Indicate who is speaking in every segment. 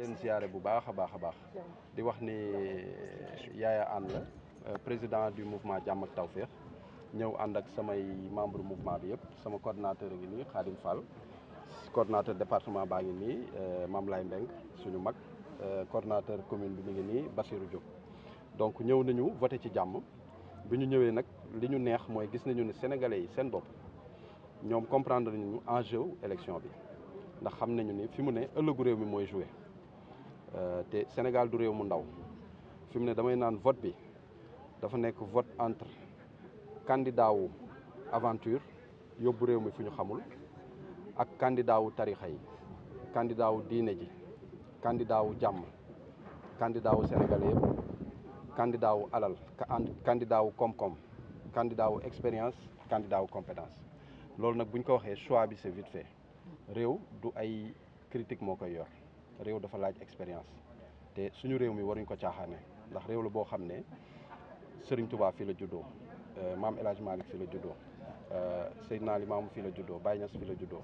Speaker 1: leen ziare bu baax a baax a baax di wax ni yaaya Anne la euh, président du mouvement Jàmm ak Tawféex ñëw ànd ak samay membre mouvement bi yëpp sama coordinateur ngi nii Khadim Fall coordinateur département baa ngi nii euh, Mame Lay Mbeng suñu mag euh, coordinateur commune bi mi ngi nii Bassirou Diop donc ñëw nañu voté ci jàmm bi ñu ñëwee nag li ñu neex mooy gis nañu ne sénégalais yi seen bopp ñoom comprendre nañu enjeu élection bi ndax xam nañu ni fi mu ne ëllëgu réew mi mooy joué Euh, te Sénégal du réew mu ndaw fi mu ne damay naan vote bi dafa nekk vote entre candidat wu aventure yóbbu réew mi fu ñu xamul ak candidat wu tarixa yi candidat wu diine ji candidat wu jàmm candidat wu sénégalais yëpp candidat wu alal candidat wu koom-koom candidat wu expérience candidat wu compétence loolu nag buñ ñu ko waxee choix bi c'est vite fait réew du ay critique moo koy yor réew dafa laaj expérience te suñu réew mi waruñ ko caaxaane ndax réew la boo xam ne Serigne Touba fii la juddoo euh, maam El Hadj Malick fii la juddoo euh, Seydina Limaamu fii la juddoo Baye Niass fii la juddoo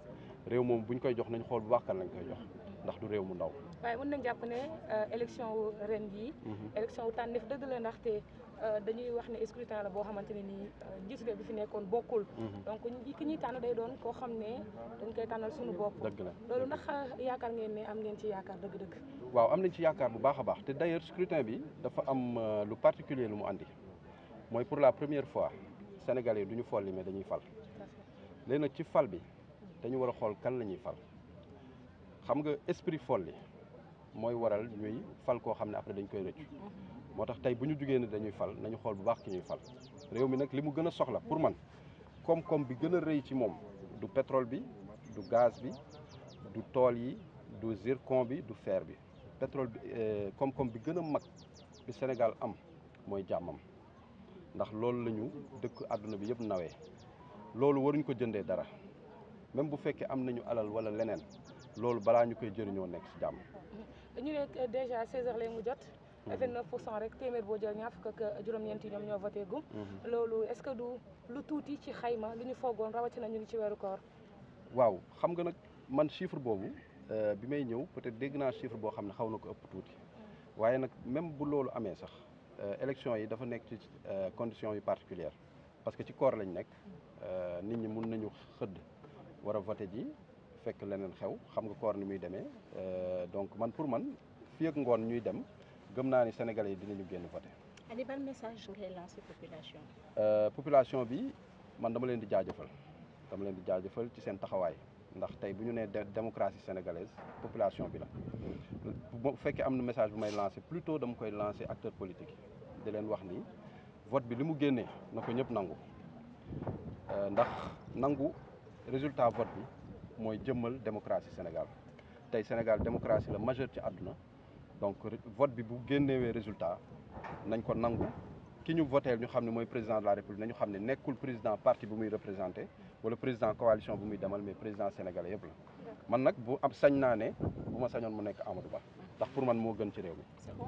Speaker 1: réew moom buñ koy jox nañ xool bu baax kan lañ koy jox ndax du réew mu ndaw.
Speaker 2: waaye mën nañ jàpp ne euh, élection wu ren jii. Mhm. élection wu tànneef dëgg la ndaxte. Euh, dañuy wax ne scrutin la boo xamante ne nii euh, njiitu réew bi fi nekkoon bokkul. Mhm. donc ñi ki ñuy tànn day doon koo xam ne dañ koy tànnal suñu bopp. dëgg la loolu ndax yaakaar ngeen ne am ngeen ci yaakaar dëgg-dëgg.
Speaker 1: waaw am nañ ci yaakaar bu baax a baax te d'ailleurs scrutin bi dafa am euh, lu particulier lu mu andi mooy pour la première fois sénégalais yi du ñu folli mais dañuy fal. léegi nag ci fal bi dañu war a xool kan la ñuy fal xam nga esprit folli mooy waral ñuy fal koo xam ne après dañ koy rëcc. Mhm. moo tax tey bu ñu jugee ne dañuy fal nañu xool bu baax ki ñuy fal réew mi nag li mu gën a soxla pour man koom-koom bi gën a rëy ci moom du pétrole bi du gaz bi du tool yi du zircon bi du feer bi pétrole bi euh, koom-koom bi gën a mag bi Sénégal am mooy jàmmam ndax loolu la ñu dëkk àdduna bi yëpp nawee loolu waruñ ko jëndee dara même bu fekkee am nañu alal wala leneen loolu balaa ñu koy jëriñoo nekk si jàmm.
Speaker 2: ñu ne déjà 16 lay mu jot. Mhm. vingt neuf pour cent rek téeméer boo jël ñaar fukk ak juróom-ñeenti ñoom ñoo voté gum mhm. loolu est-ce que du lu tuuti ci xayma li ñu foogoon rawatina ñu ngi ci weeru
Speaker 1: koor waaw xam nga nag man chiffre boobu euh, bi may ñëw peut-être dégg naa chiffre boo xam ne xaw na ko ëpp tuuti mm. waaye nag même bu loolu amee sax euh, élection yi dafa nekk ci euh, condition yi particulières parce que ci koor lañ nekk nit ñi mun nañu xëdd war a ji fekk leneen xew xam nga koor ni muy demee donc man pour man fii ngoon ñuy dem gëm naa ni sénégalais yi dinañu génn voté.
Speaker 2: Ali ban message ngay lancé population bi.
Speaker 1: Euh, population bi man dama leen di jaajëfal dama leen di jaajëfal ci seen taxawaay ndax tey bu ñu nee démocratie sénégalaise population bi la bu fekkee am na message bu may lancé plutôt dama koy lancer acteur politique yi di leen wax ni vote bi li mu génnee na ko ñëpp nangu euh, ndax nangu résultat vote bi mooy jëmmal démocratie Sénégal tey Sénégal démocratie la majeure ci àdduna donc vote bi bu génnewee résultat nañ ko nangu ki ñu voteel ñu xamné moy président de la république nañu xamné nekkul président parti bu muy représenté wala président coalition bu muy demal mais président sénégalais yépp la man nak bu am sañ naa ne bu ma mu nekk Amadou Ba ndax pour man mo gën ci réew mi